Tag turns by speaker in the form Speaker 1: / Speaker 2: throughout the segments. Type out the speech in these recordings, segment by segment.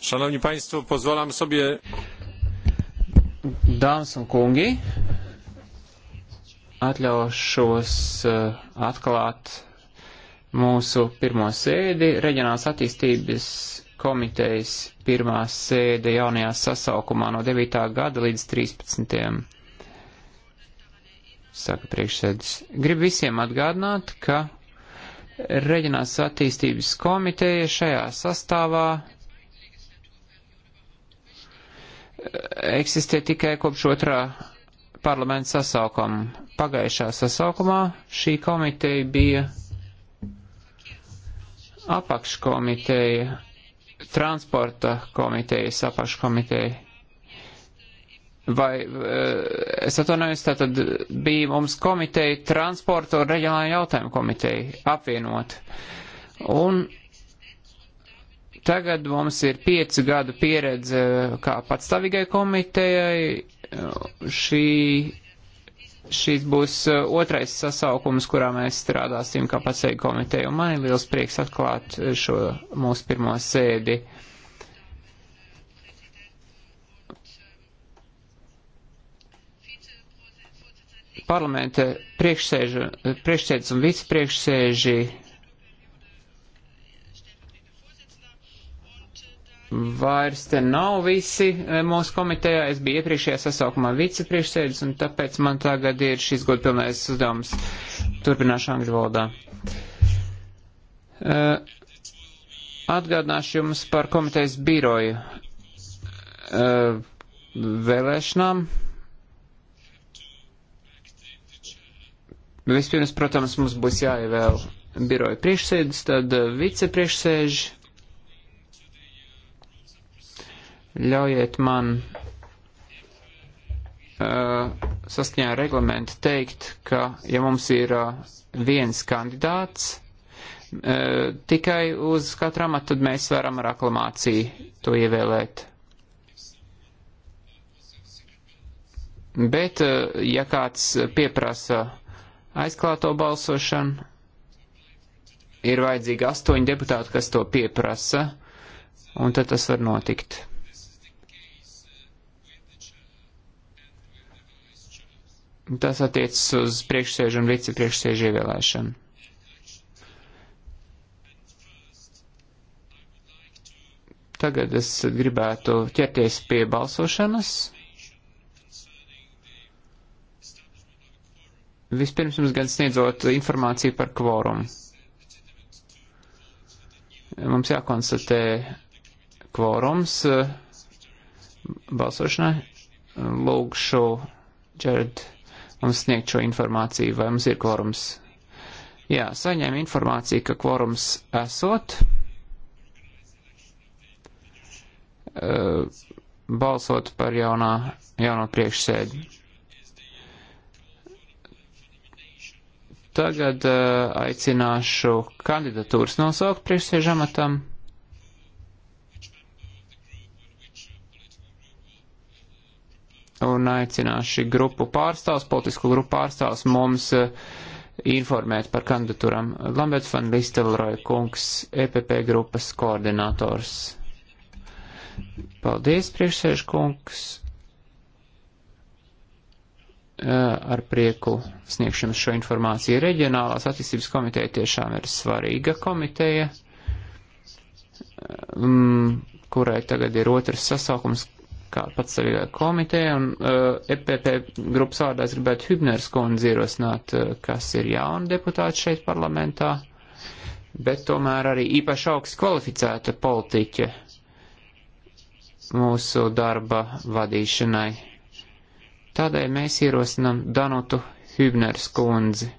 Speaker 1: Szanowni Państwo, pozwalam sobie... Dāmas un kungi, atļaušos eh, atklāt mūsu pirmo sēdi. Reģionālās attīstības komitejas pirmā sēde jaunajā sasaukumā no 9. gada līdz 13. Saka priekšsēdis. Gribu visiem atgādināt, ka Reģionālās attīstības komiteja šajā sastāvā eksistē tikai kopš otrā parlamenta sasaukuma. Pagājušā sasaukumā šī komiteja bija apakškomiteja, transporta komitejas apakškomiteja. Vai, eh, es atvainojos, tātad bija mums komiteja transporta un reģionāla jautājuma komiteja apvienot. Un Tagad mums ir piecu gadu pieredze eh, kā patstāvīgai komitejai. Eh, šī, šīs būs eh, otrais sasaukums, kurā mēs strādāsim kā patstāvīgai komitejai. Un man ir liels prieks atklāt šo mūsu pirmo sēdi. Parlamenta priekšsēdus un vicepriekšsēži vairs te nav visi eh, mūsu komitejā. Es biju iepriekšējā sasaukumā vicepriekšsēdis, un tāpēc man tagad ir šis godpilnais uzdevums turpināšu angļu valodā. Eh, atgādināšu jums par komitejas biroju eh, vēlēšanām. Vispirms, protams, mums būs jāievēl biroja priekšsēdis, tad vicepriekšsēži Ļaujiet man uh, saskaņā ar reglamentu teikt, ka ja mums ir uh, viens kandidāts, uh, tikai uz katru amatu, tad mēs varam ar aklamāciju to ievēlēt. Bet, uh, ja kāds pieprasa aizklāto balsošanu, ir vajadzīgi astoņi deputāti, kas to pieprasa, un tad tas var notikt. Tas attiecas uz priekšsēžu un vicepriekšsēžu ievēlēšanu. Tagad es gribētu ķerties pie balsošanas. Vispirms mums gan sniedzot informāciju par kvorumu. Mums jākonstatē kvorums eh, balsošanai. Lūgšu Džerd mums sniegt šo informāciju, vai mums ir kvorums. Jā, saņēma informāciju, ka kvorums esot. balsot par jaunā, jauno priekšsēdi. Tagad uh, aicināšu kandidatūras nosaukt priekšsēžamatam. un aicināšu grupu pārstāvs, politisku grupu pārstāvs mums eh, informēt par kandidatūram. Lamberts van Listelroja kungs, EPP grupas koordinators. Paldies, priekšsēž kungs. Eh, ar prieku sniegšam šo informāciju. Reģionālās attīstības komiteja tiešām ir svarīga komiteja, eh, kurai tagad ir otrs sasaukums, kā pats komiteja, un uh, eh, EPP grupas vārdā es gribētu Hübners kundzi ierosināt, uh, kas ir jauna deputāta šeit parlamentā, bet tomēr arī īpaši augsts kvalificēta politiķe mūsu darba vadīšanai. Tādēļ mēs ierosinam Danutu Hübners kundzi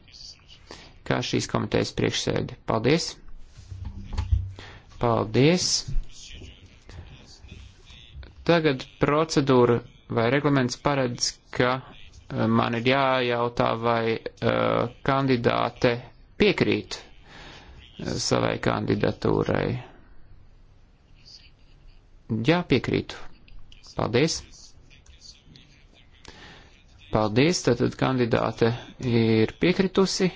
Speaker 1: kā šīs komitejas priekšsēdi. Paldies! Paldies! Tagad procedūra vai reglaments paredz, ka eh, man ir jājautā, vai uh, kandidāte piekrīt eh, savai kandidatūrai. Jā, piekrītu. Paldies. Paldies, tātad kandidāte ir piekritusi.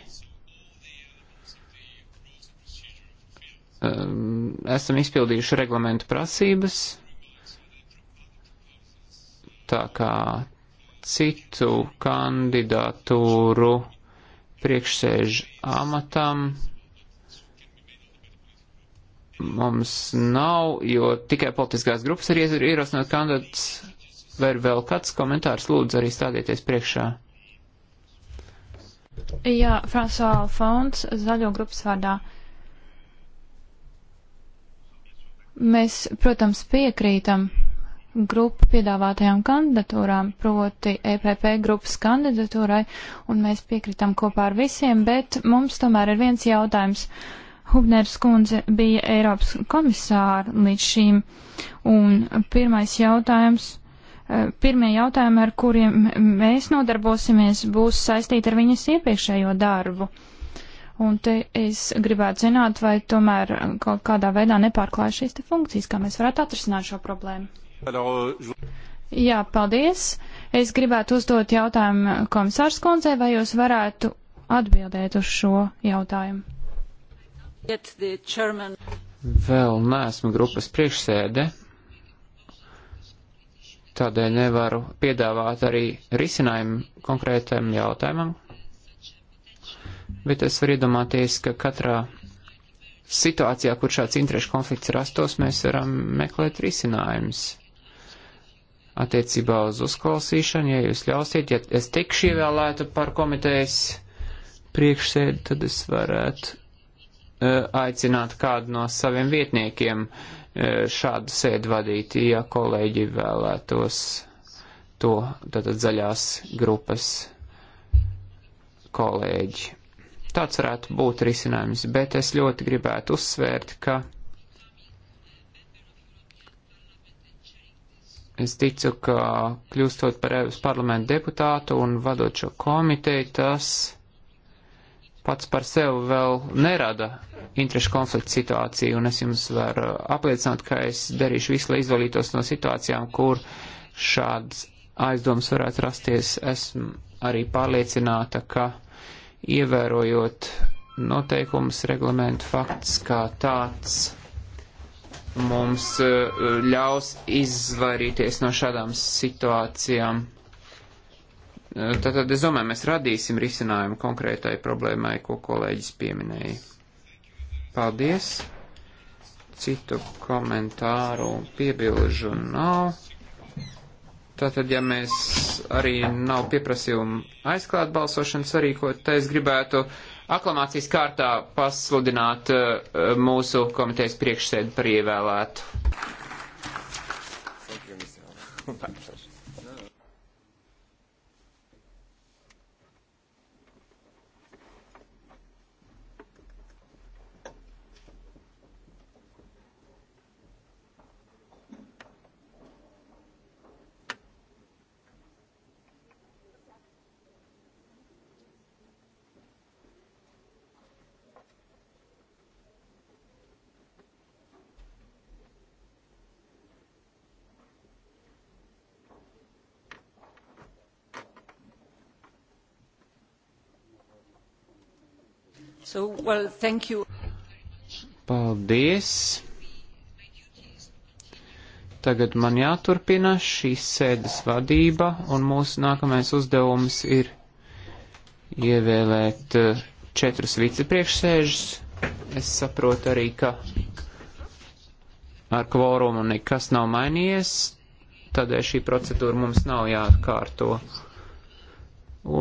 Speaker 1: Um, esam izpildījuši reglamentu prasības tā kā citu kandidatūru priekšsēžu amatam mums nav, jo tikai politiskās grupas ir ierosināt kandidāts. Vai ir vēl kāds komentārs? Lūdzu, arī stādieties priekšā.
Speaker 2: Jā, Fransua Alfons, zaļo grupas vārdā. Mēs, protams, piekrītam grupu piedāvātajām kandidatūrām, proti EPP grupas kandidatūrai, un mēs piekritām kopā ar visiem, bet mums tomēr ir viens jautājums. Hubners kundze bija Eiropas komisāra līdz šīm, un pirmais jautājums, eh, pirmie jautājumi, ar kuriem mēs nodarbosimies, būs saistīti ar viņas iepriekšējo darbu. Un te es gribētu zināt, vai tomēr kaut kādā veidā nepārklāja šīs te funkcijas, kā mēs varētu atrisināt šo problēmu. Euh, Jā, paldies. Es gribētu uzdot jautājumu komisārs kundzei, vai jūs varētu atbildēt uz šo jautājumu.
Speaker 1: Vēl neesmu grupas priekšsēde, tādēļ nevaru piedāvāt arī risinājumu konkrētam jautājumam, bet es varu iedomāties, ka katrā situācijā, kur šāds interešu konflikts rastos, mēs varam meklēt risinājumus attiecībā uz uzklausīšanu, ja jūs ļausiet, ja es tikšu ievēlēta par komitejas priekšsēdi, tad es varētu uh, aicināt kādu no saviem vietniekiem uh, šādu sēdi vadīt, ja kolēģi vēlētos to, tātad zaļās grupas kolēģi. Tāds varētu būt risinājums, bet es ļoti gribētu uzsvērt, ka Es ticu, ka kļūstot par Eiropas parlamentu deputātu un vadot šo komiteju, tas pats par sevi vēl nerada interešu konflikta situāciju, un es jums varu apliecināt, ka es darīšu visu, lai izolītos no situācijām, kur šāds aizdoms varētu rasties. Esmu arī pārliecināta, ka ievērojot noteikumus, reglamentu fakts kā tāds mums eh, ļaus izvairīties no šādām situācijām. Tātad eh, es domāju, mēs radīsim risinājumu konkrētai problēmai, ko kolēģis pieminēja. Paldies! Citu komentāru piebilžu nav. Tātad, ja mēs arī nav pieprasījumu aizklāt balsošanas arī, ko te es gribētu aklamācijas kārtā pasludināt uh, mūsu komitejas priekšsēdu par ievēlētu. Thank you, Mr.
Speaker 3: So, well, thank you.
Speaker 1: Paldies. Tagad man jāturpina šīs sēdes vadība, un mūsu nākamais uzdevums ir ievēlēt eh, četrus vicepriekšsēžus. Es saprotu arī, ka ar kvorumu nekas nav mainījies, tādēļ šī procedūra mums nav jāatkārto.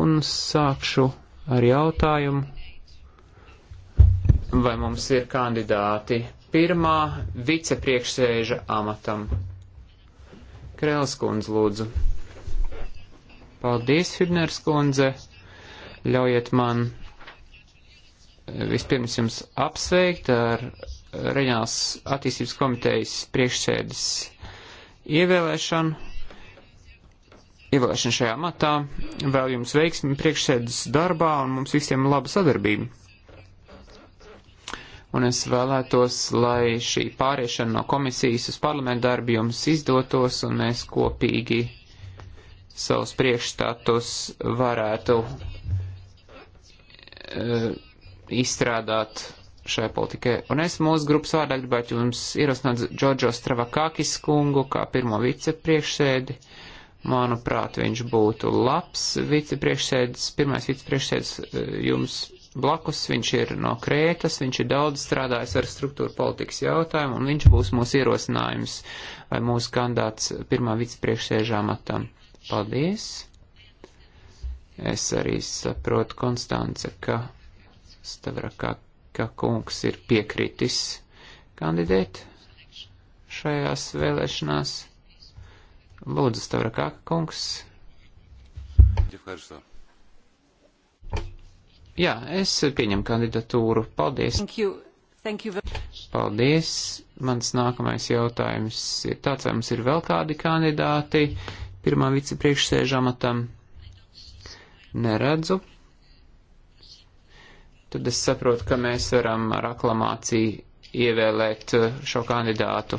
Speaker 1: Un sākšu ar jautājumu, vai mums ir kandidāti pirmā vicepriekšsēža amatam. Krēls kundze, lūdzu. Paldies, Hübners kundze. Ļaujiet man eh, vispirms jums apsveikt ar Reģionālās attīstības komitejas priekšsēdes ievēlēšanu. Ievēlēšana šajā matā. Vēl jums veiksmi priekšsēdes darbā un mums visiem laba sadarbība un es vēlētos, lai šī pāriešana no komisijas uz parlamentu darbu jums izdotos, un mēs kopīgi savus priekšstatus varētu uh, izstrādāt šai politikai. Un es mūsu grupas vārdā gribētu jums ierosināt Džordžo Stravakakis kungu kā pirmo vicepriekšsēdi. Manuprāt, viņš būtu labs vicepriekšsēdis, pirmais vicepriekšsēdis e, jums blakus, viņš ir no Krētas, viņš ir daudz strādājis ar struktūra politikas jautājumu, un viņš būs mūsu ierosinājums vai mūsu kandidāts pirmā vicepriekšsēžā matam. Paldies! Es arī saprotu, Konstance, ka Stavrakā, ka kungs ir piekritis kandidēt šajās vēlēšanās. Lūdzu, Stavrakā, kungs. Ģifkārši tā. Jā, es pieņemu kandidatūru. Paldies. Thank you. Thank you very... Paldies. Mans nākamais jautājums ir tāds, vai mums ir vēl kādi kandidāti pirmā vicepriekšsēžamatam? Neredzu. Tad es saprotu, ka mēs varam ar aklamāciju ievēlēt šo kandidātu.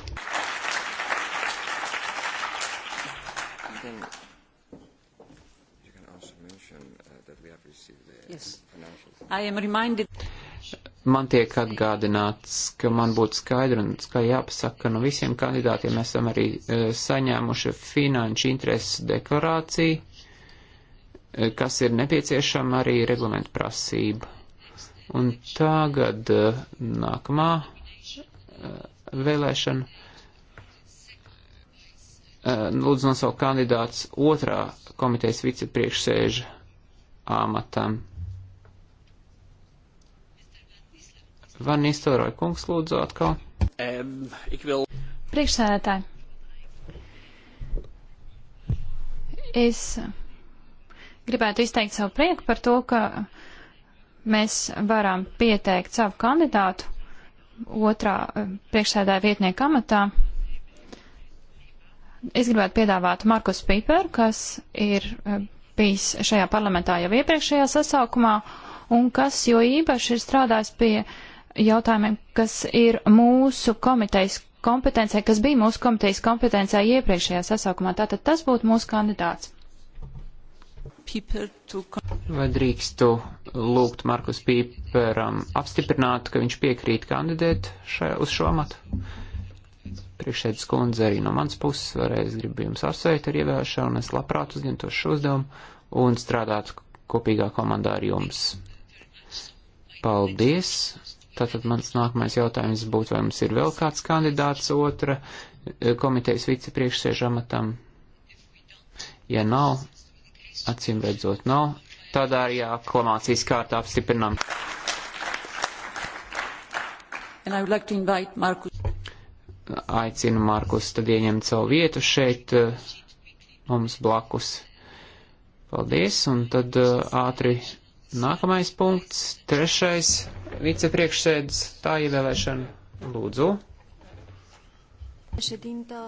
Speaker 3: Reminded...
Speaker 1: Man tiek atgādināts, ka man būtu skaidri un skaļi jāpasaka, ka no visiem kandidātiem esam arī e, saņēmuši finanšu interesu deklarāciju, e, kas ir nepieciešama arī reglamentu prasība. Un tagad e, nākamā vēlēšana. Lūdzu nosaukt kandidāts otrā komitejas vicepriekšsēža amatam. Van Nistelroja kungs lūdzu atkal. Um, vēl...
Speaker 2: Priekšsēdētāji. Es gribētu izteikt savu prieku par to, ka mēs varam pieteikt savu kandidātu otrā eh, priekšsēdāja vietnieka amatā. Es gribētu piedāvāt Markus Piperu, kas ir eh, bijis šajā parlamentā jau iepriekšējā sasaukumā un kas jo īpaši ir strādājis pie uh, jautājumiem, kas ir mūsu komitejas kompetencē, kas bija mūsu komitejas kompetencē iepriekšējā sasaukumā. Tātad tas būtu mūsu kandidāts.
Speaker 1: Vai drīkstu lūgt Markus Pīperam apstiprināt, ka viņš piekrīt kandidēt šajā, uz šo amatu? Priekšsēdus kundze arī no manas puses, vēlreiz gribu jums apsveikt ar ievēlēšanu, un es labprāt uzņemtos šo uzdevumu un strādāt kopīgā komandā ar jums. Paldies! Tātad mans nākamais jautājums būtu, vai mums ir vēl kāds kandidāts otra e, komitejas vicepriekšsēžamatam? Ja nav, acīm redzot nav, tad arī aklamācijas kārtā apstiprinām.
Speaker 3: Like
Speaker 1: Aicinu Markus tad ieņemt savu vietu šeit e, mums blakus. Paldies, un tad e, ātri nākamais punkts, trešais vicepriekšsēdus tā ievēlēšanu. Lūdzu.
Speaker 3: Președintă,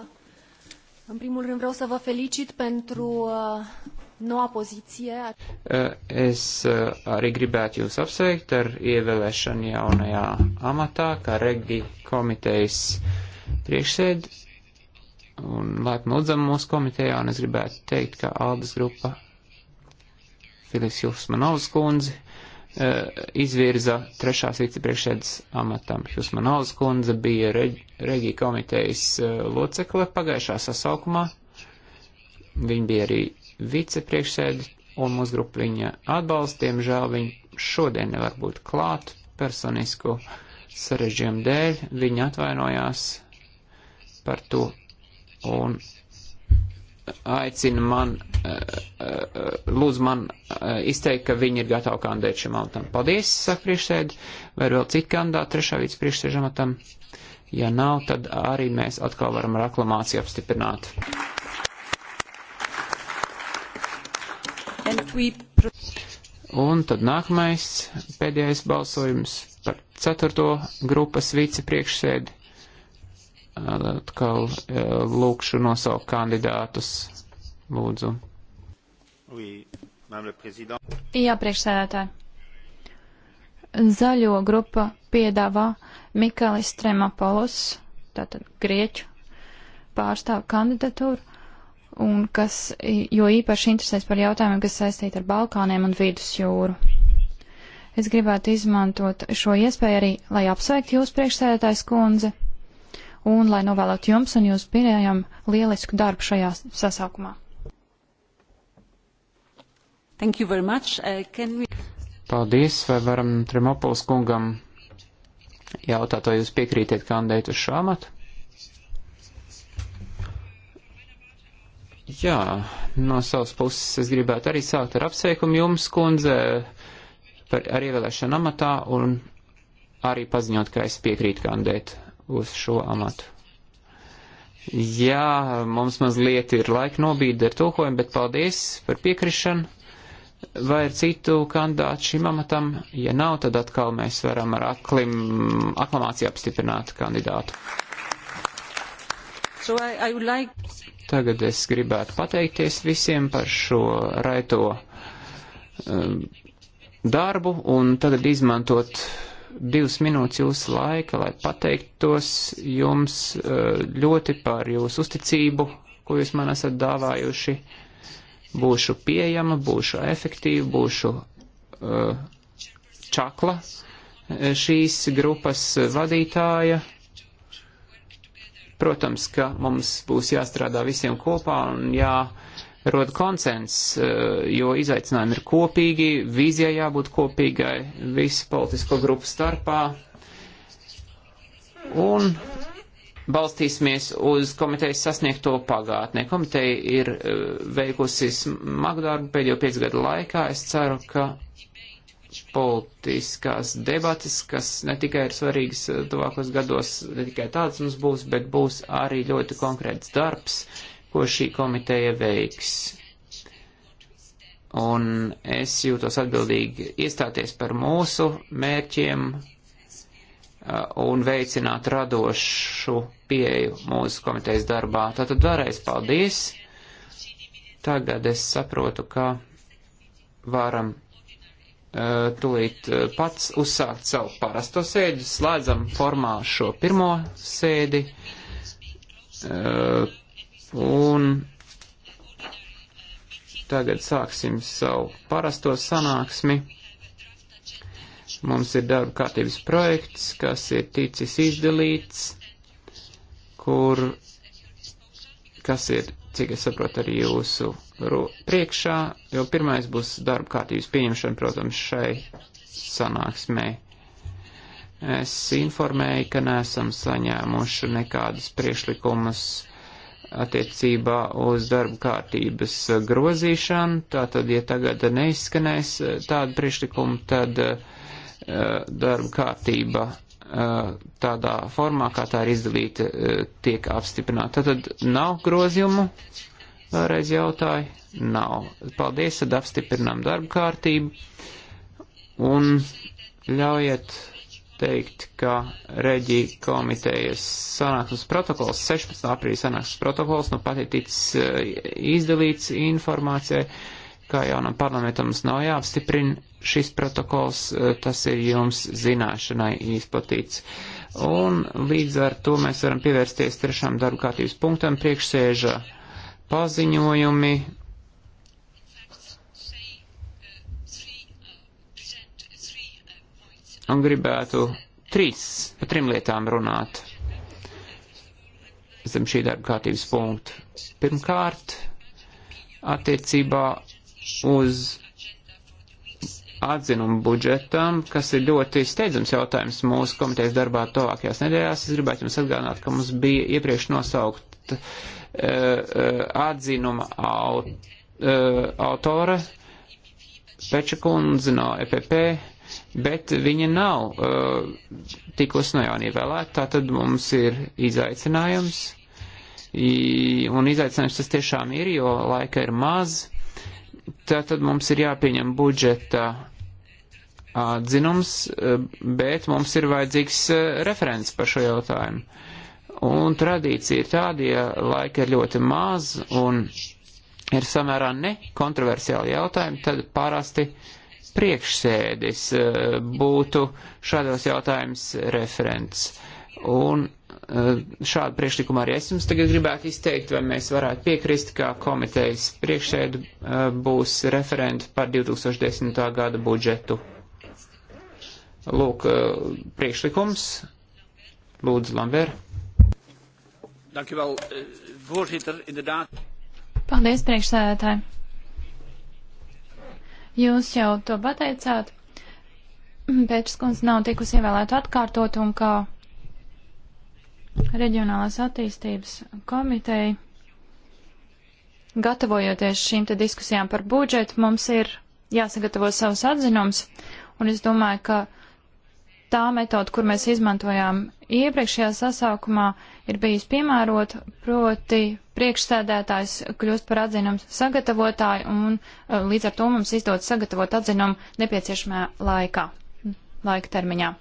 Speaker 3: în primul rând vreau să vă felicit pentru uh, noua poziție.
Speaker 1: Uh, es uh, arī gribētu jūs apsveikt ar ievēlēšanu jaunajā amatā, kā Regi komitejas priekšsēd. Un laipni lūdzam mūsu komitejā, un es gribētu teikt, ka Aldas grupa Filips Jusmanovs kundzi Eh, izvirza trešās vicepriekšēdas amatam. Husmanovas kundze bija Regī komitejas eh, locekle pagājušā sasaukumā. Viņa bija arī vicepriekšēdi, un mūsu grupa viņa atbalsta. Diemžēl viņa šodien nevar būt klāt personisku sarežģījumu dēļ. Viņa atvainojās par to, un aicina man, eh, eh, lūdz man eh, izteikt, ka viņi ir gatavi kandidēt šim amatam. Paldies, saka priekšsēdi, vai ir vēl citi kandidāti trešā vīdes priekšsēžamatam? Ja nav, tad arī mēs atkal varam ar aklamāciju apstiprināt. Un tad nākamais pēdējais balsojums par ceturto grupas vicepriekšsēdi atkal eh, lūkšu nosaukt kandidātus. Lūdzu.
Speaker 2: Jā, priekšsēdētāji. Zaļo grupa piedāvā Mikalis Tremapolus, tātad Grieķu pārstāvu kandidatūru, un kas, jo īpaši interesēs par jautājumiem, kas saistīti ar Balkāniem un Vidusjūru. Es gribētu izmantot šo iespēju arī, lai apsveiktu jūs priekšsēdētājs kundze un lai novēlētu jums un jūs pirējam lielisku darbu šajā sasaukumā.
Speaker 3: Thank you very much. Uh, can we...
Speaker 1: Paldies, vai varam Trimopols kungam jautāt, vai jūs piekrītiet kandidēt uz šo amatu? Jā, no savas puses es gribētu arī sākt ar apsveikumu jums, kundze, par, ar ievēlēšanu amatā un arī paziņot, ka es piekrītu kandidēt uz šo amatu. Jā, mums mazliet ir laika nobīde ar tulkojumu, bet paldies par piekrišanu. Vai ir citu kandidātu šim amatam? Ja nav, tad atkal mēs varam ar aklim, aklamāciju apstiprināt kandidātu.
Speaker 3: So I, I like...
Speaker 1: Tagad es gribētu pateikties visiem par šo raito um, darbu un tagad izmantot divas minūtes jūsu laika, lai pateiktos jums eh, ļoti par jūsu uzticību, ko jūs man esat dāvājuši. Būšu pieejama, būšu efektīva, būšu uh, čakla eh, šīs grupas vadītāja. Protams, ka mums būs jāstrādā visiem kopā un jā. Uh, rod konsens, eh, jo izaicinājumi ir kopīgi, vīzijai jābūt kopīgai visu politisko grupu starpā. Un balstīsimies uz komitejas sasniegto pagātnē. Komiteja ir eh, veikusi smagu darbu pēdējo piecu gadu laikā. Es ceru, ka politiskās debatas, kas ne tikai ir svarīgas eh, tuvākos gados, ne tikai tāds mums būs, bet būs arī ļoti konkrēts darbs, ko šī komiteja veiks. Un es jūtos atbildīgi iestāties par mūsu mērķiem un veicināt radošu pieeju mūsu komitejas darbā. Tātad vēlreiz paldies. Tagad es saprotu, ka varam tūlīt pats uzsākt savu parasto sēdi, slēdzam formā šo pirmo sēdi, Un tagad sāksim savu parasto sanāksmi. Mums ir darba kārtības projekts, kas ir ticis izdalīts, kur, kas ir, cik es saprotu, arī jūsu priekšā, jo pirmais būs darba kārtības pieņemšana, protams, šai sanāksmē. Es informēju, ka nesam saņēmuši nekādas priešlikumus attiecībā uz darba kārtības grozīšanu. Tātad, ja tagad neizskanēs eh, tādu priekšlikumu, tad eh, darba kārtība eh, tādā formā, kā tā ir izdalīta, tiek apstiprināta. Tātad nav grozījumu, vēlreiz jautāju, nav. Paldies, tad apstiprinām darba kārtību un ļaujiet teikt, ka reģi komitejas sanāksmes protokols, 16. aprīļa sanāksmes protokols, nu pat ir ticis eh, izdalīts informācijai, kā jaunam parlamentam mums nav jāapstiprina šis protokols, eh, tas ir jums zināšanai izplatīts. Un līdz ar to mēs varam pievērsties trešām darba kārtības punktam priekšsēža paziņojumi. un gribētu trīs, pa trim lietām runāt zem šī darba kārtības punkta. Pirmkārt, attiecībā uz atzinumu budžetam, kas ir ļoti steidzams jautājums mūsu komitejas darbā tuvākajās nedēļās. Es gribētu jums atgādināt, ka mums bija iepriekš nosaukt uh, atzinuma aut, uh, eh, autora Peča kundze no EPP bet viņa nav uh, tikus no jauna ievēlēta, tā tad mums ir izaicinājums, I, un izaicinājums tas tiešām ir, jo laika ir maz, tā tad mums ir jāpieņem budžeta uh, atzinums, uh, bet mums ir vajadzīgs uh, referents par šo jautājumu. Un tradīcija ir tāda, ja laika ir ļoti maz un ir samērā nekontroversiāli jautājumi, tad parasti uh, priekšsēdis eh, būtu šādos jautājumus referents. Un eh, šādu priekšlikumu arī es jums tagad gribētu izteikt, vai mēs varētu piekrist, ka komitejas priekšsēdu eh, būs referenti par 2010. gada budžetu. Lūk, priekšlikums. Lūdzu, Lambert. Dankjewel, voorzitter, inderdaad.
Speaker 2: Paldies, priekšsēdētāji. Jūs jau to pateicāt. Pēčs kundze nav tikusi ievēlēta atkārtot un kā reģionālās attīstības komiteja, gatavojoties šīm te diskusijām par budžetu, mums ir jāsagatavo savus atzinums, un es domāju, ka tā metoda, kur mēs izmantojām iepriekšējā sasaukumā, ir bijis piemērot, proti priekšsēdētājs kļūst par atzinumu sagatavotāju un uh, līdz ar to mums izdodas sagatavot atzinumu nepieciešamajā laikā, laika termiņā.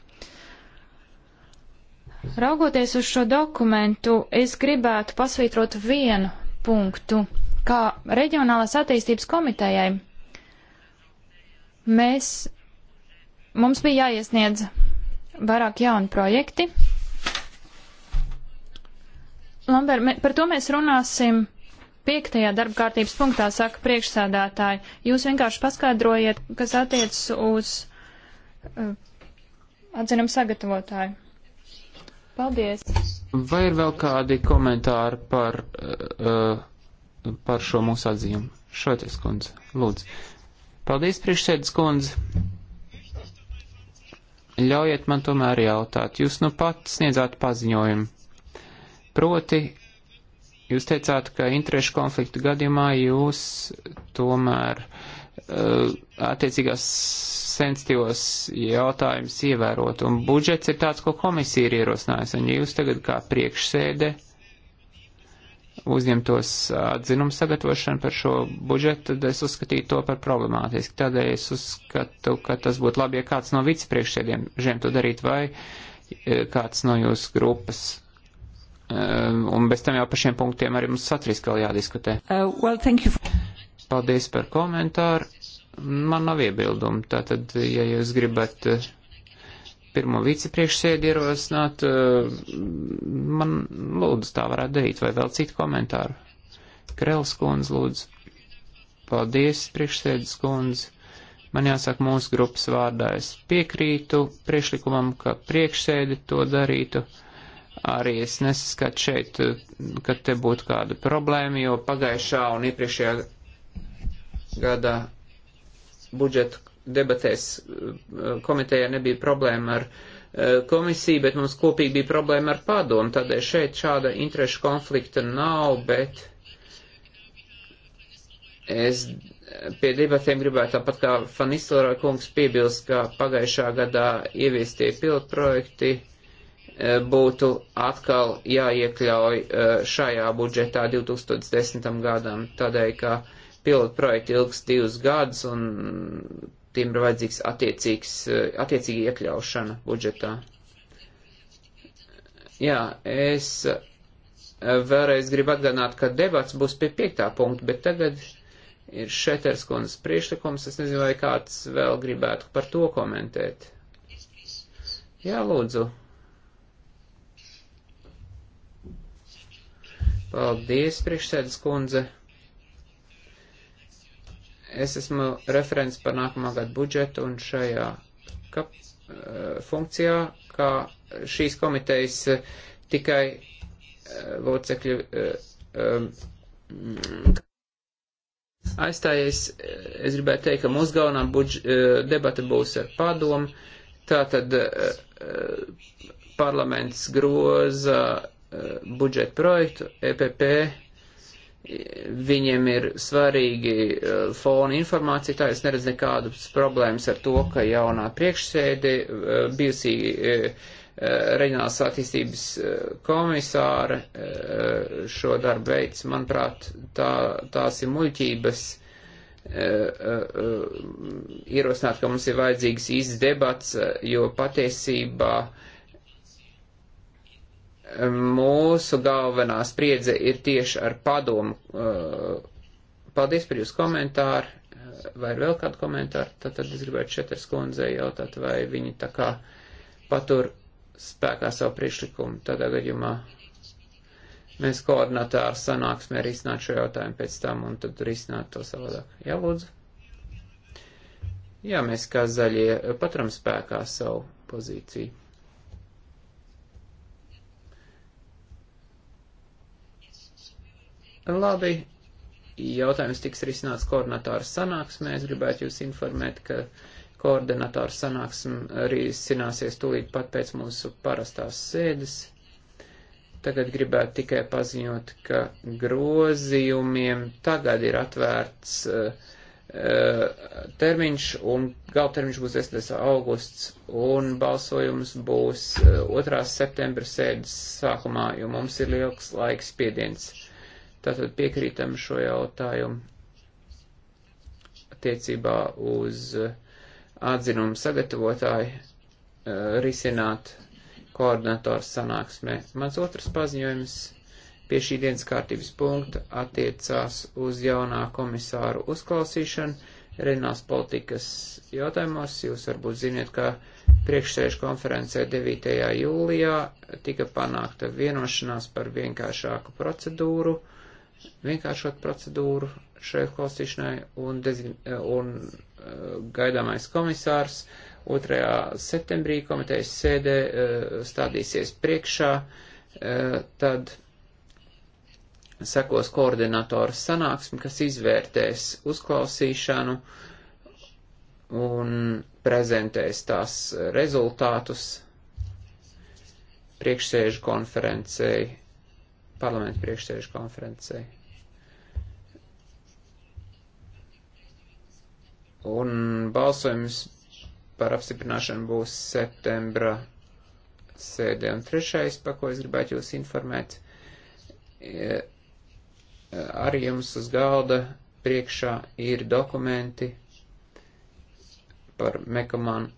Speaker 2: Raugoties uz šo dokumentu, es gribētu pasvītrot vienu punktu, kā reģionālās attīstības komitejai. Mēs, mums bija jāiesniedz vairāk jauni projekti, Lambert, par to mēs runāsim piektajā darba kārtības punktā, saka priekšsēdētāji. Jūs vienkārši paskaidrojiet, kas attiecas uz uh, atzinumu sagatavotāju. Paldies.
Speaker 1: Vai ir vēl kādi komentāri par, uh, uh par šo mūsu atzījumu? Šoties kundze, lūdzu. Paldies, priekšsēdes kundze. Ļaujiet man tomēr jautāt, jūs nu pat sniedzāt paziņojumu Proti, jūs teicāt, ka interešu konfliktu gadījumā jūs tomēr uh, attiecīgās sensitīvos jautājumus ievērot, un budžets ir tāds, ko komisija ir ierosinājusi, un jūs tagad kā priekšsēde uzņemtos atzinumu sagatavošanu par šo budžetu, tad es uzskatītu to par problemātisku. Tādēļ es uzskatu, ka tas būtu labi, ja kāds no vicepriekšsēdiem žiem to darīt vai eh, kāds no jūsu grupas Eh, un bez tam jau par šiem punktiem arī mums satriski vēl jādiskutē.
Speaker 3: Uh, well,
Speaker 1: Paldies par komentāru. Man nav iebildumu. Tātad, ja jūs gribat eh, pirmo vicepriekšsēdi ierosināt, eh, man lūdzu tā varētu darīt, vai vēl citu komentāru. Krels kundze, lūdzu. Paldies, priekšsēdes kundze. Man jāsaka mūsu grupas vārdā, es piekrītu priekšlikumam, ka priekšsēdi to darītu. Uh, Arī es neskatu šeit, ka te būtu kāda problēma, jo pagājušā un iepriekšējā gada budžeta debatēs eh, komitejā nebija problēma ar eh, komisiju, bet mums kopīgi bija problēma ar padomu. Tādēļ šeit šāda interešu konflikta nav, bet es pie debatēm gribētu tāpat kā Fanistelora kungs piebilst, ka pagājušā gadā ieviestie pilotprojekti projekti būtu atkal jāiekļauj eh, šajā budžetā 2010. gadam, tādēļ, ka pilotu projekti ilgs divus gadus un tiem ir vajadzīgs attiecīgs, eh, attiecīgi iekļaušana budžetā. Jā, es eh, vēlreiz gribu atgādināt, ka debats būs pie piektā punkta, bet tagad ir Šeters kundzes priekšlikums. Es nezinu, vai kāds vēl gribētu par to komentēt. Jā, lūdzu. Paldies, priekšsēdas kundze. Es esmu referents par nākamā gada budžetu un šajā kap, eh, funkcijā, kā šīs komitejas eh, tikai eh, locekļu aizstājies, es gribētu teikt, ka mūsu galvenā budž, debata būs ar padomu, tātad parlaments groza budžeta projektu, EPP, viņiem ir svarīgi e, fona informācija, tā es neredzu nekādas problēmas ar to, ka jaunā priekšsēdi e, bijusī e, reģionālās attīstības komisāra šo darbu veids. Manuprāt, tā, tās ir muļķības ierosināt, ka mums ir vajadzīgs īsts debats, jo patiesībā uh, mūsu galvenā spriedze ir tieši ar padomu. Eh, paldies par jūsu komentāru. Eh, vai ir vēl kādu komentāru? Tad, tad es gribētu četras kundzei jautāt, vai viņi tā kā patur spēkā savu priekšlikumu. Tādā gadījumā mēs koordinatāru sanāksmē risināt šo jautājumu pēc tam un tad risināt to savādāk. Jā, lūdzu. Jā, mēs kā zaļie paturam spēkā savu pozīciju. Labi, jautājums tiks risināts koordinatoru sanāksmē. Es gribētu jūs informēt, ka koordinatoru sanāksme arī sināsies tūlīt pat pēc mūsu parastās sēdes. Tagad gribētu tikai paziņot, ka grozījumiem tagad ir atvērts uh, termiņš un galtermiņš būs 10. augusts un balsojums būs 2. Eh, septembra sēdes sākumā, jo mums ir liels laiks spiediens. Tātad piekrītam šo jautājumu attiecībā uz uh, atzinumu sagatavotāju uh, risināt koordinatoru sanāksmē. Mans otrs paziņojums pie šī dienas kārtības punkta attiecās uz jaunā komisāru uzklausīšanu Renās politikas jautājumos. Jūs varbūt ziniet, ka priekšsēžu konferencē 9. jūlijā tika panākta vienošanās par vienkāršāku procedūru vienkāršot procedūru šai klausīšanai un, dezign... un eh, gaidāmais komisārs 2. septembrī komitejas sēdē eh, stādīsies priekšā, eh, tad sekos koordinatoru sanāksmi, kas izvērtēs uzklausīšanu un prezentēs tās rezultātus priekšsēžu konferencei parlamentu priekšsēžu konferencē. Un balsojums par apstiprināšanu būs septembra sēdē. Un trešais, pa ko es gribētu jūs informēt, e, arī jums uz galda priekšā ir dokumenti par Mekomānu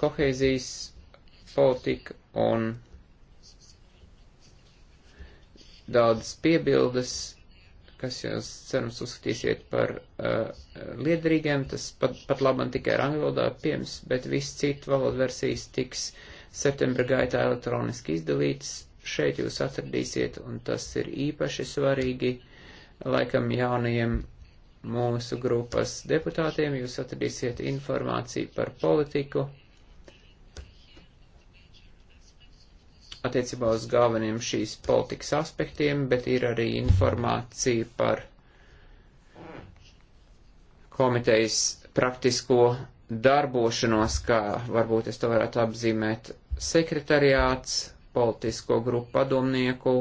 Speaker 1: koheizijas politiku un daudzas piebildes, kas jūs cerams uzskatīsiet par uh, liederīgiem, tas pat, pat labam tikai ir angļu valodā piems, bet viss citu valodu versijas tiks septembra gaitā elektroniski izdalīts. Šeit jūs atradīsiet, un tas ir īpaši svarīgi laikam jaunajiem mūsu grupas deputātiem. Jūs atradīsiet informāciju par politiku, attiecībā uz galveniem šīs politikas aspektiem, bet ir arī informācija par komitejas praktisko darbošanos, kā varbūt es to varētu apzīmēt, sekretariāts, politisko grupu padomnieku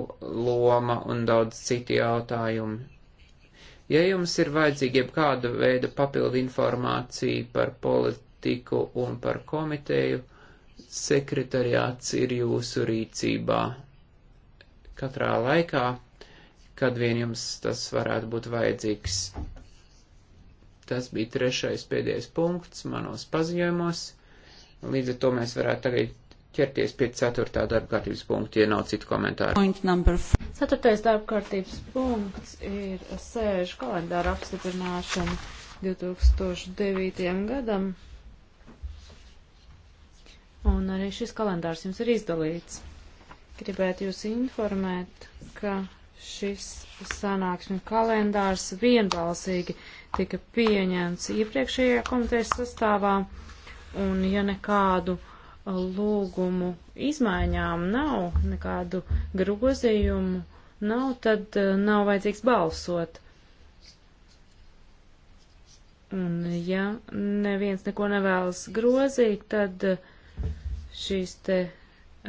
Speaker 1: loma un daudz citi jautājumi. Ja jums ir vajadzīga jebkāda veida papildu informācija par politiku un par komiteju, Sekretariāts ir jūsu rīcībā katrā laikā, kad vien jums tas varētu būt vajadzīgs. Tas bija trešais pēdējais punkts manos paziņojumos. Līdz ar to mēs varētu tagad ķerties pie ceturtā darba kārtības punkta, ja nav citu komentāru.
Speaker 3: Ceturtais darba kārtības punkts ir sēžu kalendāra apstiprināšana 2009. gadam. Un arī šis kalendārs jums ir izdalīts. Gribētu jūs informēt, ka šis sanāksmi kalendārs vienbalsīgi tika pieņemts iepriekšējā komitejas sastāvā, un ja nekādu lūgumu izmaiņām nav, nekādu grozījumu nav, tad eh, nav vajadzīgs balsot. Un ja neviens neko nevēlas grozīt, tad uh, šīs te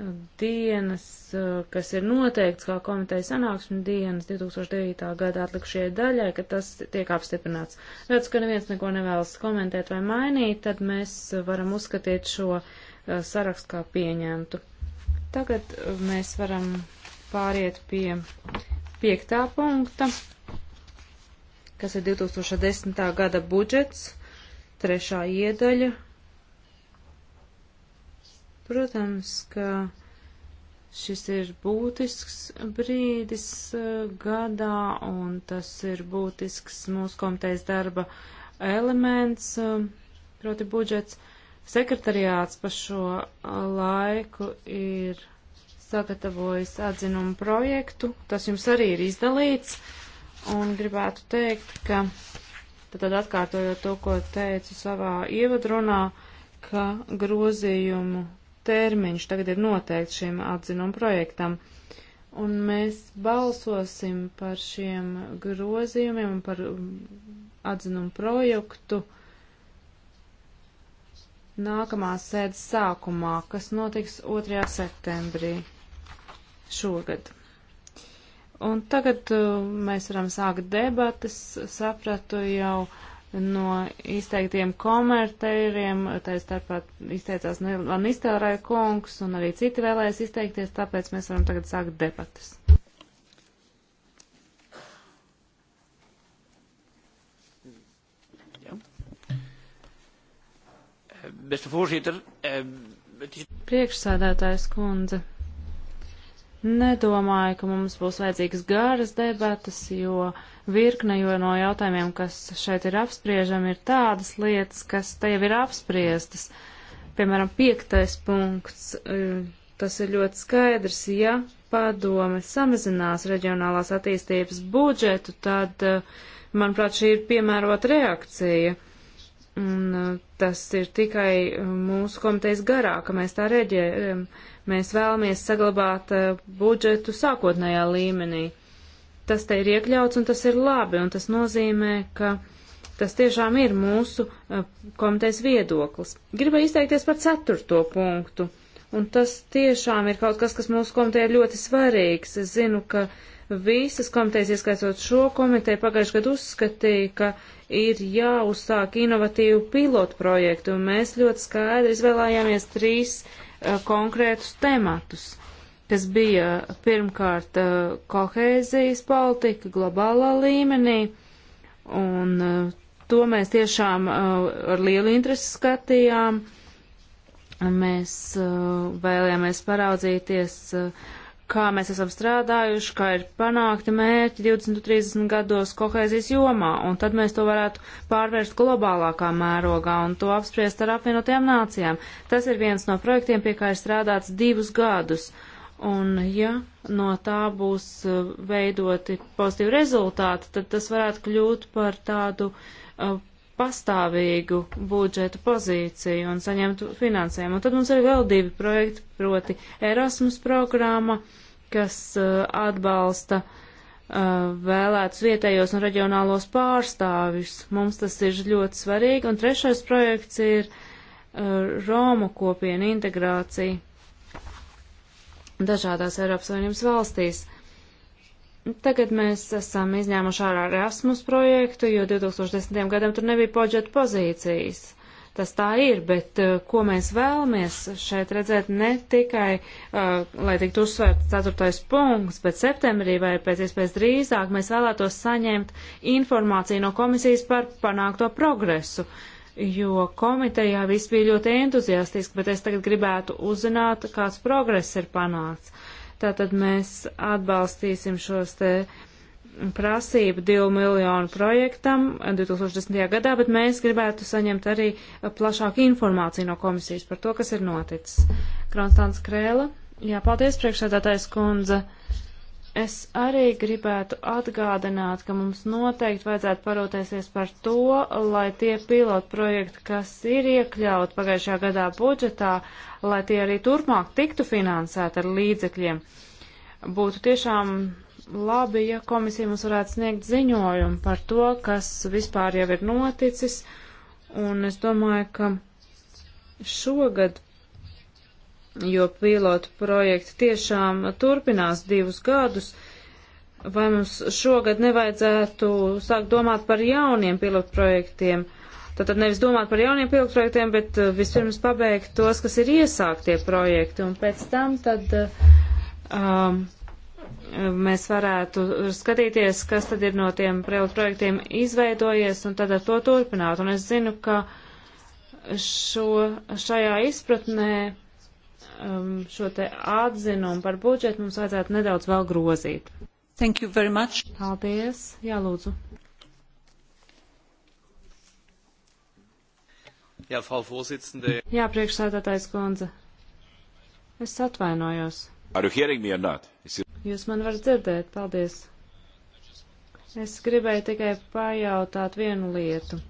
Speaker 3: uh, dienas, uh, kas ir noteikts kā komiteja sanāksmi dienas 2009. gada atlikušajai daļai, ka tas tiek apstiprināts. Redz, ka neviens neko nevēlas komentēt vai mainīt, tad mēs varam uzskatīt šo uh, sarakstu kā pieņemtu. Tagad mēs varam pāriet pie piektā punkta, kas ir 2010. gada budžets, trešā iedaļa, Protams, ka šis ir būtisks brīdis uh, gadā, un tas ir būtisks mūsu komitejas darba elements, um, proti budžets. Sekretariāts pa šo uh, laiku ir sagatavojis atzinumu projektu, tas jums arī ir izdalīts, un gribētu teikt, ka tad atkārtojot to, ko teicu savā ievadrunā, ka grozījumu termiņš tagad ir noteikts šim atzinumu projektam. Un mēs balsosim par šiem grozījumiem un par um, atzinumu projektu nākamās sēdes sākumā, kas notiks 2. septembrī šogad. Un tagad uh, mēs varam sākt debatas, sapratu jau uh, no izteiktiem komertēriem, tā starpā izteicās Van Nistelrāja kungs un arī citi vēlējas izteikties, tāpēc mēs varam tagad sākt debatas.
Speaker 1: Eh,
Speaker 3: Priekšsādātājs kundze. Nedomāju, ka mums būs vajadzīgas garas debatas, jo virkne jo no jautājumiem, kas šeit ir apspriežami, ir tādas lietas, kas te jau ir apspriestas. Piemēram, piektais punkts, e, tas ir ļoti skaidrs, ja padome samazinās reģionālās attīstības budžetu, tad, e, manuprāt, šī ir piemērota reakcija. Un e, tas ir tikai mūsu komitejas garā, ka mēs tā reģējam. Mēs vēlamies saglabāt eh, budžetu sākotnējā līmenī. Tas te ir iekļauts un tas ir labi, un tas nozīmē, ka tas tiešām ir mūsu eh, komitejas viedoklis. Gribēju izteikties par ceturto punktu, un tas tiešām ir kaut kas, kas mūsu komitejai ir ļoti svarīgs. Es zinu, ka visas komitejas, ieskaitot šo komiteju, pagājušajā gadu uzskatīja, ka ir jāuzsāk inovatīvu pilotu projektu, un mēs ļoti skaidri izvēlējāmies trīs Eh, konkrētus tematus, kas bija eh, pirmkārt eh, kohēzijas politika globālā līmenī, un to mēs tiešām ar lielu interesi skatījām. Mēs vēlējāmies paraudzīties, uh, kā mēs esam strādājuši, kā ir panākti mērķi 2030 gados kohēzijas jomā, un tad mēs to varētu pārvērst globālākā mērogā un to apspriest ar apvienotajām nācijām. Tas ir viens no projektiem, pie kā ir strādāts divus gadus. Un ja no tā būs uh, veidoti pozitīvi rezultāti, tad tas varētu kļūt par tādu uh, pastāvīgu budžeta pozīciju un saņemtu finansējumu. Un tad mums ir vēl divi projekti, proti Erasmus programma, kas uh, atbalsta uh, vēlētus vietējos un reģionālos pārstāvjus. Mums tas ir ļoti svarīgi. Un trešais projekts ir uh, Romu kopienu integrācija dažādās Eiropas Savienības valstīs. Uh, Tagad mēs esam izņēmuši ārā Erasmus projektu, jo 2010. gadam tur nebija budžeta pozīcijas. Tas tā ir, bet uh, ko mēs vēlamies šeit redzēt ne tikai, uh, lai tiktu uzsvērts ceturtais punkts, bet septembrī vai pēc iespējas drīzāk mēs vēlētos saņemt informāciju no komisijas par panākto progresu, jo komitejā viss bija ļoti entuziastiski, bet es tagad gribētu uzzināt, kāds progress ir panākts. Uh, Tātad mēs atbalstīsim šos te prasību 2 miljonu projektam 2010. gadā, bet mēs gribētu saņemt arī plašāku informāciju no komisijas par to, kas ir noticis. Kronstants Krēla. Jā, paldies priekšsēdātais kundze. Uh, Es arī gribētu atgādināt, ka mums noteikti vajadzētu parūpēties par to, lai tie pilotu projekti, kas ir iekļauti pagājušā gadā budžetā, lai tie arī turpmāk tiktu finansēti ar līdzekļiem. Būtu tiešām labi, ja komisija mums varētu sniegt ziņojumu par to, kas vispār jau ir noticis, un es domāju, ka šogad jo pilotu projekti tiešām turpinās divus gadus. Vai mums šogad nevajadzētu sākt domāt par jauniem pilotu projektiem? Tātad nevis domāt par jauniem pilotu projektiem, bet uh, vispirms pabeigt tos, kas ir iesāktie projekti, un pēc tam tad uh, um, mēs varētu skatīties, kas tad ir no tiem pilotu projektiem izveidojies, un tad ar to turpināt. Un es zinu, ka šo, šajā izpratnē um, šo te atzinumu par budžetu mums vajadzētu nedaudz vēl grozīt. Thank you very much. Paldies. Jā, lūdzu.
Speaker 2: Jā, Frau Vorsitzende. Jā,
Speaker 3: priekšsēdētājs kundze. Es atvainojos.
Speaker 2: Are you hearing me or not? Is it...
Speaker 3: Jūs man varat dzirdēt, paldies. Es gribēju tikai pajautāt vienu lietu.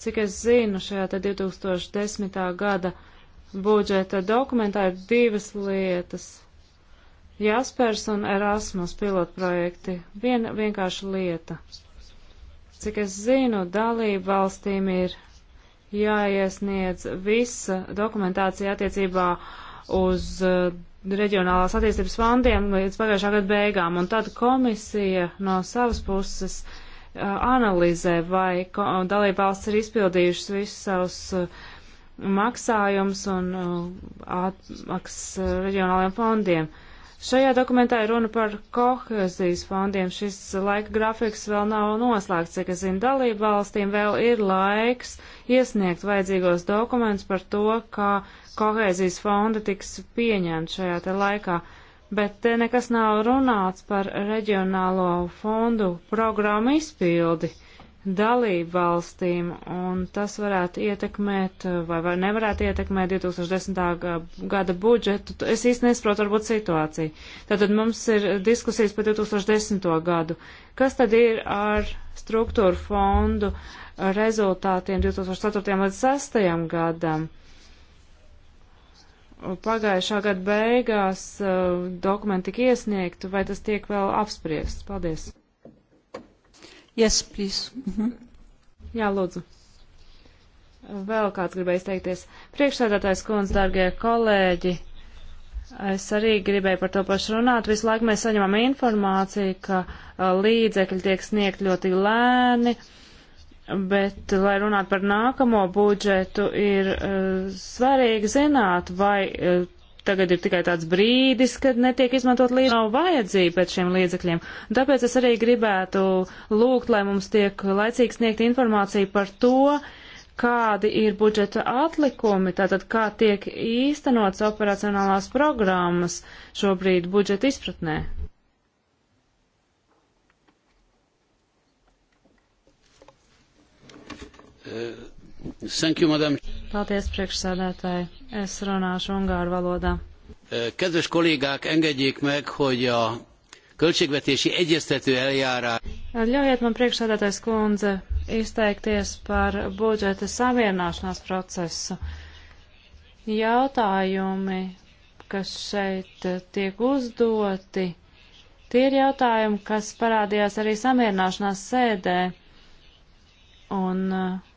Speaker 3: Cik es zinu, šajā te 2010. gada uh, budžeta dokumentā ir divas lietas. Jaspers un Erasmus pilotprojekti. Viena vienkārša lieta. Cik es zinu, dalību valstīm ir jāiesniedz visa dokumentācija attiecībā uz eh, reģionālās attīstības fondiem līdz pagājušā gada beigām, un tad komisija no savas puses uh, analizē, vai dalībvalsts ir izpildījušas visus savus uh, maksājums un uh, atmaks uh, reģionāliem fondiem. Šajā dokumentā ir runa par kohezijas fondiem. Šis laika grafiks vēl nav noslēgts, cik es zinu, dalību valstīm vēl ir laiks iesniegt vajadzīgos dokumentus par to, kā kohezijas fonda tiks pieņemta šajā te laikā. Bet te nekas nav runāts par reģionālo fondu programmu izpildi. Uh, dalību valstīm, un tas varētu ietekmēt, eh, vai, vai nevarētu ietekmēt 2010. gada budžetu. Es īsti nesaprotu varbūt situāciju. Tātad mums ir diskusijas par 2010. gadu. Kas tad ir ar struktūru fondu rezultātiem 2004. līdz 2006. gadam? Pagājušā gada beigās eh, dokumenti tika iesniegti, vai tas tiek vēl apspriests? Paldies! Yes, please. Mm -hmm. Jā, lūdzu. Vēl kāds gribēja izteikties. Priekšsēdētājs kundze, dargie kolēģi, es arī gribēju par to pašu runāt. Visu laiku mēs saņemam informāciju, ka līdzekļi tiek sniegt ļoti lēni, bet, lai runātu par nākamo budžetu, ir uh, svarīgi zināt, vai uh, tagad ir tikai tāds brīdis, kad netiek izmantot līdzekļi, nav vajadzība pēc šiem līdzekļiem. Tāpēc es arī gribētu lūgt, lai mums tiek laicīgi sniegt informāciju par to, kādi ir budžeta atlikumi, tātad kā tiek īstenots operacionālās programmas šobrīd budžeta izpratnē.
Speaker 2: Uh. Thank you, madam.
Speaker 3: Paldies, priekšsēdētāji. Es runāšu ungāru valodā.
Speaker 1: Kedves kollégák, engedjék meg, hogy a költségvetési egyeztető eljárás.
Speaker 3: Ļaujiet man priekšsēdētājs kundze izteikties par budžeta savienāšanās procesu. Jautājumi, kas šeit tiek uzdoti, tie ir jautājumi, kas parādījās arī samierināšanās sēdē. Un uh,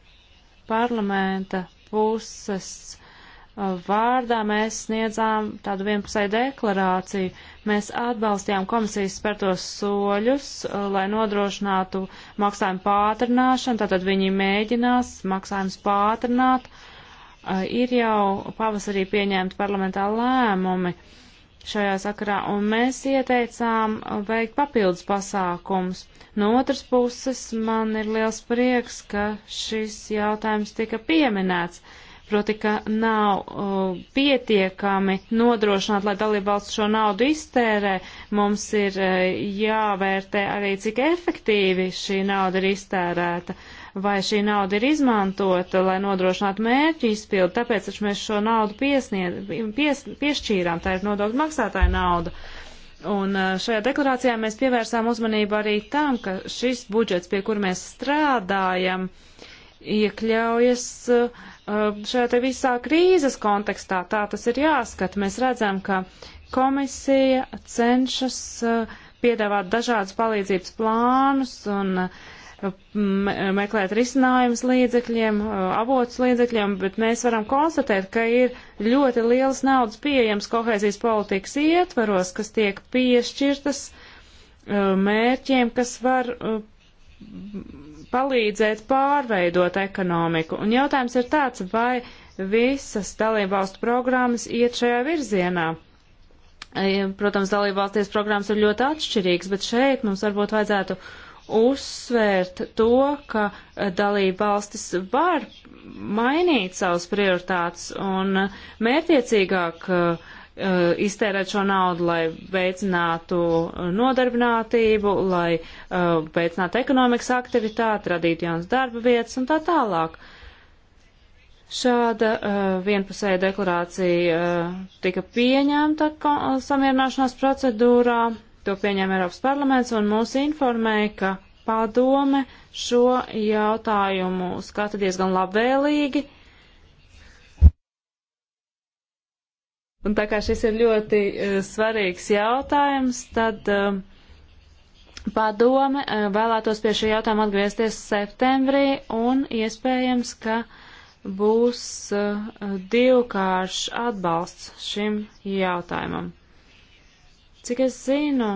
Speaker 3: parlamenta puses uh, vārdā mēs sniedzām tādu vienpusēju deklarāciju. Mēs atbalstījām komisijas spērtos soļus, uh, lai nodrošinātu maksājumu pātrināšanu, tātad viņi mēģinās maksājumus pātrināt. Uh, ir jau pavasarī pieņemti parlamentā lēmumi. Uh, šajā sakarā, un mēs ieteicām veikt papildus pasākums. No otras puses, man ir liels prieks, ka šis jautājums tika pieminēts, proti, ka nav uh, pietiekami nodrošināt, lai dalībvalsts šo naudu iztērē. Mums ir uh, jāvērtē arī, cik efektīvi šī nauda ir iztērēta. Uh, vai šī nauda ir izmantota, lai nodrošinātu mērķu izpildu. Tāpēc mēs šo naudu piesniedz, pies, piešķīrām, tā ir nodokļu maksātāja nauda. Un uh, šajā deklarācijā mēs pievērsām uzmanību arī tam, ka šis budžets, pie kur mēs strādājam, iekļaujas uh, šajā te visā krīzes kontekstā. Tā tas ir jāskat. Mēs redzam, ka komisija cenšas uh, piedāvāt dažādas palīdzības plānus un uh, meklēt risinājumus līdzekļiem, avotus līdzekļiem, bet mēs varam konstatēt, ka ir ļoti liels naudas pieejams kohēzijas politikas ietvaros, kas tiek piešķirtas mērķiem, kas var palīdzēt pārveidot ekonomiku. Un jautājums ir tāds, vai visas dalībvalstu programmas iet šajā virzienā. Protams, dalībvalsties programmas ir ļoti atšķirīgas, bet šeit mums varbūt vajadzētu uh, uzsvērt to, ka eh, dalība valstis var mainīt savus prioritātus un mērtiecīgāk uh, iztērēt šo naudu, lai veicinātu nodarbinātību, lai uh, veicinātu ekonomikas aktivitāti, radītu jaunas darba vietas un tā tālāk. Šāda uh, vienpusēja deklarācija uh, tika pieņemta samierināšanās procedūrā To pieņēma Eiropas parlaments un mūs informēja, ka padome šo jautājumu skata diezgan labvēlīgi. Un tā kā šis ir ļoti uh, svarīgs jautājums, tad uh, padome uh, vēlētos pie šī jautājuma atgriezties septembrī un iespējams, ka būs uh, divkāršs atbalsts šim jautājumam. Cik es zinu,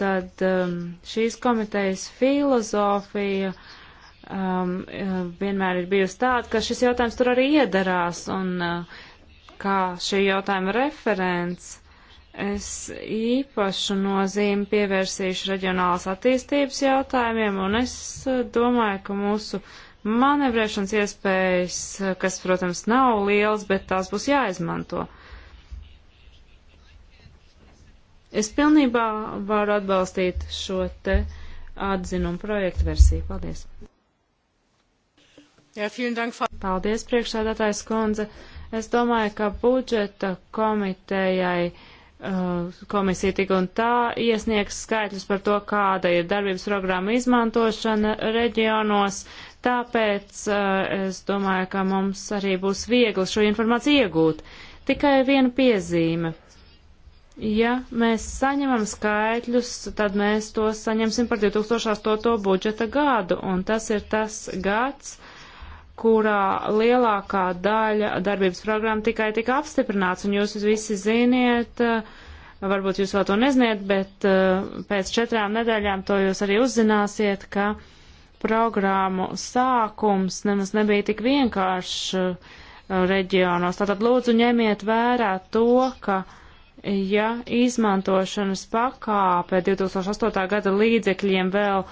Speaker 3: tad um, šīs komitejas filozofija um, uh, vienmēr ir bijusi tāda, ka šis jautājums tur arī iedarās un uh, kā šī jautājuma referents. Es īpašu nozīmi pievērsīšu reģionālas attīstības jautājumiem, un es uh, domāju, ka mūsu manevrēšanas iespējas, uh, kas, protams, nav lielas, bet tās būs jāizmanto. Uh, Es pilnībā varu atbalstīt šo te atzinumu projektu versiju. Paldies. Jā, dank, Paldies, priekšsādātājs kundze. Es domāju, ka budžeta komitejai uh, komisija tik un tā iesniegs skaitļus par to, kāda ir darbības programma izmantošana reģionos. Tāpēc uh, es domāju, ka mums arī būs viegli šo informāciju iegūt. Tikai viena piezīme Ja mēs saņemam skaitļus, tad mēs tos saņemsim par 2008. budžeta gadu, un tas ir tas gads, kurā lielākā daļa darbības programma tikai tika apstiprināts, un jūs visi ziniet, eh, varbūt jūs vēl to neziniet, bet eh, pēc četrām nedēļām to jūs arī uzzināsiet, ka programmu sākums nemaz nebija tik vienkāršs eh, reģionos. Tātad lūdzu ņemiet vērā to, ka uh, ja izmantošanas pakāpe 2008. gada līdzekļiem vēl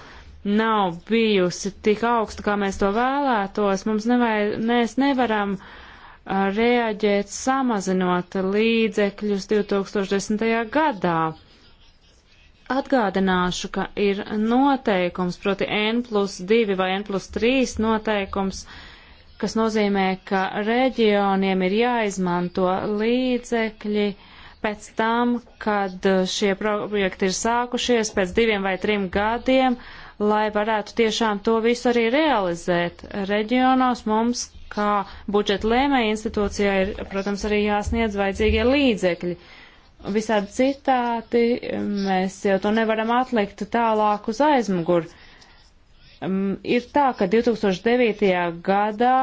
Speaker 3: nav bijusi tik augsta, kā mēs to vēlētos, mums nevajag, mēs nevaram reaģēt samazinot līdzekļus 2010. gadā. Atgādināšu, ka ir noteikums, proti N plus 2 vai N plus 3 noteikums, kas nozīmē, ka reģioniem ir jāizmanto līdzekļi, uh, pēc tam, kad šie projekti ir sākušies, pēc diviem vai trim gadiem, lai varētu tiešām to visu arī realizēt. Reģionos mums, kā budžeta lēmēja institūcijā, ir, protams, arī jāsniedz vajadzīgie līdzekļi. Visādi citāti mēs jau to nevaram atlikt tālāk uz aizmuguru. Mm, ir tā, ka 2009. gadā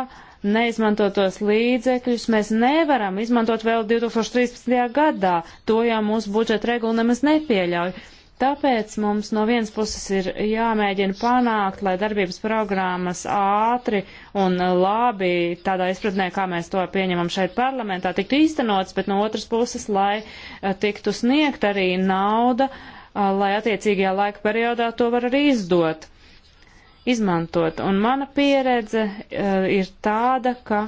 Speaker 3: neizmantotos līdzekļus mēs nevaram izmantot vēl 2013. gadā. To jau mūsu budžeta regula nemaz nepieļauj. Tāpēc mums no vienas puses ir jāmēģina panākt, lai darbības programmas ātri un labi, tādā izpratnē, kā mēs to pieņemam šeit parlamentā, tiktu īstenots, bet no otras puses, lai eh, tiktu sniegt arī nauda, eh, lai attiecīgajā laika periodā to var arī izdot izmantot. Un mana pieredze uh, ir tāda, ka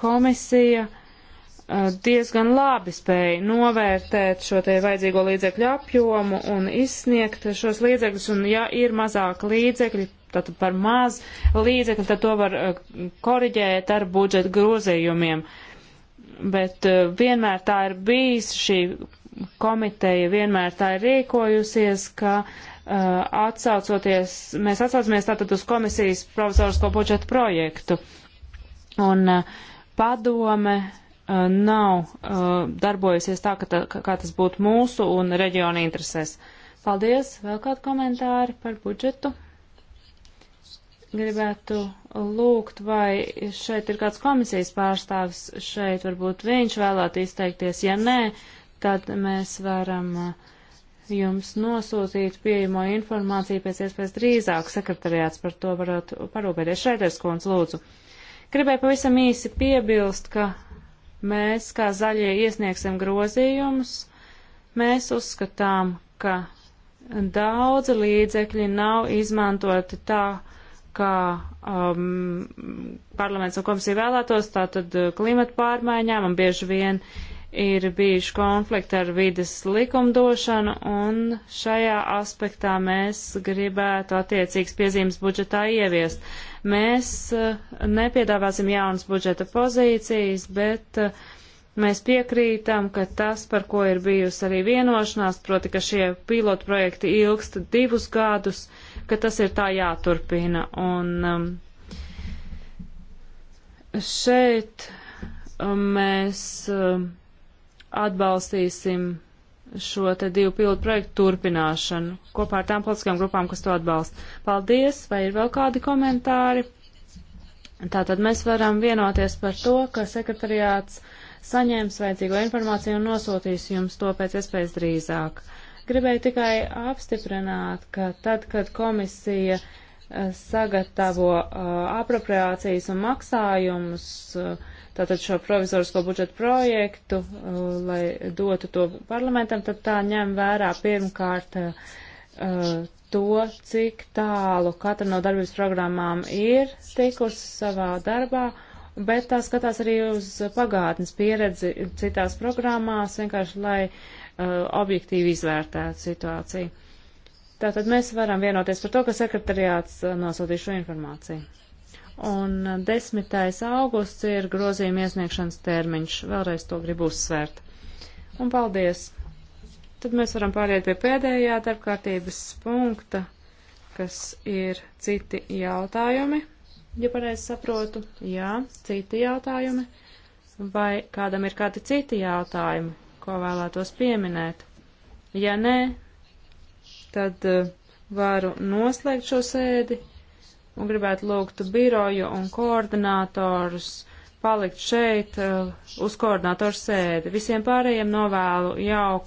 Speaker 3: komisija uh, diezgan labi spēja novērtēt šo te vajadzīgo līdzekļu apjomu un izsniegt šos līdzekļus, un ja ir mazāk līdzekļi, tad par maz līdzekļu, tad to var uh, koriģēt ar budžeta grozījumiem. Bet uh, vienmēr tā ir bijis šī komiteja, vienmēr tā ir rīkojusies, ka uh, Uh, atsaucoties, mēs atsaucamies tātad uz komisijas provizorisko budžetu projektu. Un uh, padome uh, nav darbojusies tā, ka tā, kā tas būtu mūsu un reģiona interesēs. Paldies! Vēl kādi komentāri par budžetu? Gribētu lūgt, vai šeit ir kāds komisijas pārstāvis šeit, varbūt viņš vēlētu izteikties. Ja nē, tad mēs varam uh, jums nosūtīt pieejamo informāciju pēc iespējas drīzāk. Sekretariāts par to varētu parūpēties. Šreiders kundz, lūdzu. Gribēju pavisam īsi piebilst, ka mēs, kā zaļie, iesniegsim grozījumus. Mēs uzskatām, ka daudzi līdzekļi nav izmantoti tā, kā um, parlaments un komisija vēlētos, tātad uh, klimata pārmaiņām un bieži vien ir bijuši konflikti ar vides likumdošanu, un šajā aspektā mēs gribētu attiecīgas piezīmes budžetā ieviest. Mēs eh, nepiedāvāsim jaunas budžeta pozīcijas, bet eh, mēs piekrītam, ka tas, par ko ir bijusi arī vienošanās, proti, ka šie pilotprojekti ilgst divus gadus, ka tas ir tā jāturpina. Un um, šeit mēs. Um, atbalstīsim šo te divu pilotu projektu turpināšanu kopā ar tām politiskajām grupām, kas to atbalsta. Paldies, vai ir vēl kādi komentāri? Tātad mēs varam vienoties par to, ka sekretariāts saņēms vajadzīgo informāciju un nosūtīs jums to pēc iespējas drīzāk. Gribēju tikai apstiprināt, ka tad, kad komisija eh, sagatavo uh, apropriācijas un maksājumus, uh, tātad šo provizorisko budžetu projektu, uh, lai dotu to parlamentam, tad tā ņem vērā pirmkārt uh, to, cik tālu katra no darbības programmām ir tikusi savā darbā, bet tā skatās arī uz pagātnes pieredzi citās programmās, vienkārši lai uh, objektīvi izvērtētu situāciju. Tātad mēs varam vienoties par to, ka sekretariāts uh, nosūtīs šo informāciju un 10. augusts ir grozījuma iesniegšanas termiņš. Vēlreiz to gribu uzsvērt. Un paldies! Tad mēs varam pāriet pie pēdējā darbkārtības punkta, kas ir citi jautājumi. Ja pareizi saprotu, jā, citi jautājumi. Vai kādam ir kādi citi jautājumi, ko vēlētos pieminēt? Ja nē, tad eh, varu noslēgt šo sēdi un gribētu lūgt biroju un koordinātorus palikt šeit uh, uz koordinātoru sēdi. Visiem pārējiem novēlu jauku.